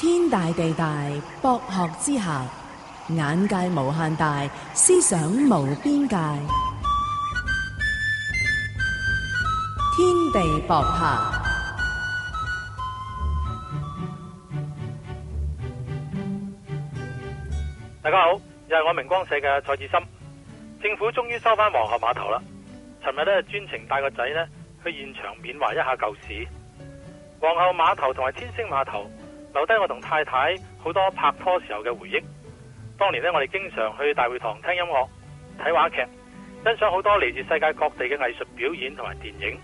天大地大，博學之下，眼界無限大，思想無邊界。天地博客，大家好，又係我明光社嘅蔡志森。政府終於收翻皇后碼頭啦！尋日呢，專程帶個仔呢，去現場緬懷一下舊市。皇后碼頭同埋天星碼頭。留低我同太太好多拍拖時候嘅回憶，當年呢，我哋經常去大會堂聽音樂、睇話劇、欣賞好多嚟自世界各地嘅藝術表演同埋電影。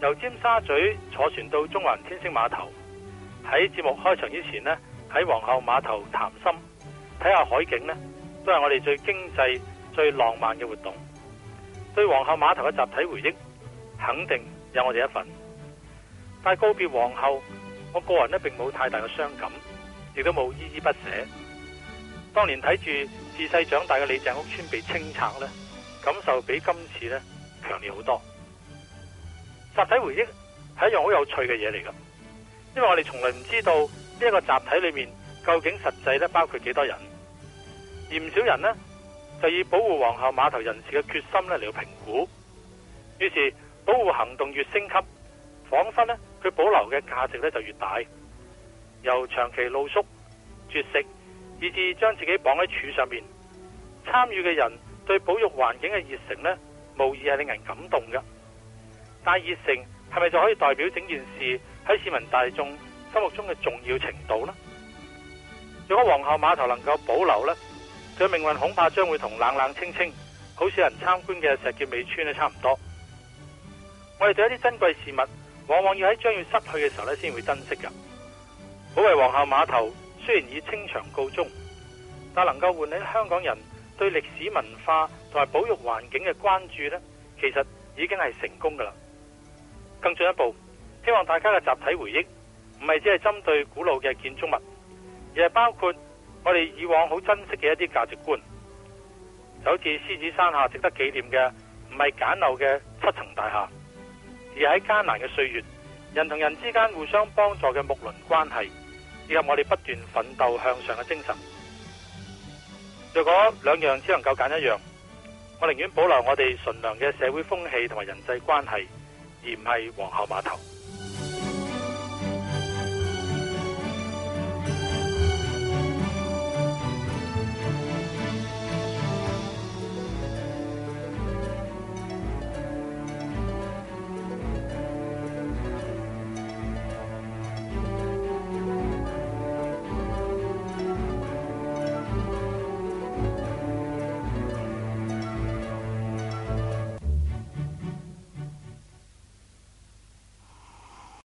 由尖沙咀坐船到中環天星碼頭，喺節目開場之前呢，喺皇后碼頭談心、睇下海景呢，都係我哋最經濟、最浪漫嘅活動。對皇后碼頭嘅集體回憶，肯定有我哋一份。快告別皇后。我個人咧並冇太大嘅傷感，亦都冇依依不捨。當年睇住自細長大嘅李鄭屋村被清拆呢，感受比今次咧強烈好多。集體回憶係一樣好有趣嘅嘢嚟噶，因為我哋從來唔知道呢一個集體裏面究竟實際包括幾多人，而唔少人呢，就以保護皇后碼頭人士嘅決心咧嚟到評估。於是保護行動越升級，彷彿呢。佢保留嘅價值咧就越大，由長期露宿絕食，以至將自己綁喺柱上面參與嘅人對保育環境嘅熱誠呢，無疑係令人感動嘅。但係熱誠係咪就可以代表整件事喺市民大眾心目中嘅重要程度呢？如果皇后碼頭能夠保留呢，佢命運恐怕將會同冷冷清清、好少人參觀嘅石硤尾村呢差唔多。我哋對一啲珍貴事物，往往要喺將要失去嘅時候呢，先會珍惜噶。保衛皇后碼頭雖然以清場告終，但能夠喚起香港人對歷史文化同埋保育環境嘅關注呢，其實已經係成功噶啦。更進一步，希望大家嘅集體回憶唔係只係針對古老嘅建築物，而係包括我哋以往好珍惜嘅一啲價值觀。就好似獅子山下值得紀念嘅，唔係簡陋嘅七層大廈。而喺艱難嘅歲月，人同人之間互相幫助嘅睦鄰關係，以及我哋不斷奮鬥向上嘅精神，若果兩樣只能夠揀一樣，我寧願保留我哋純良嘅社會風氣同埋人際關係，而唔係皇后碼頭。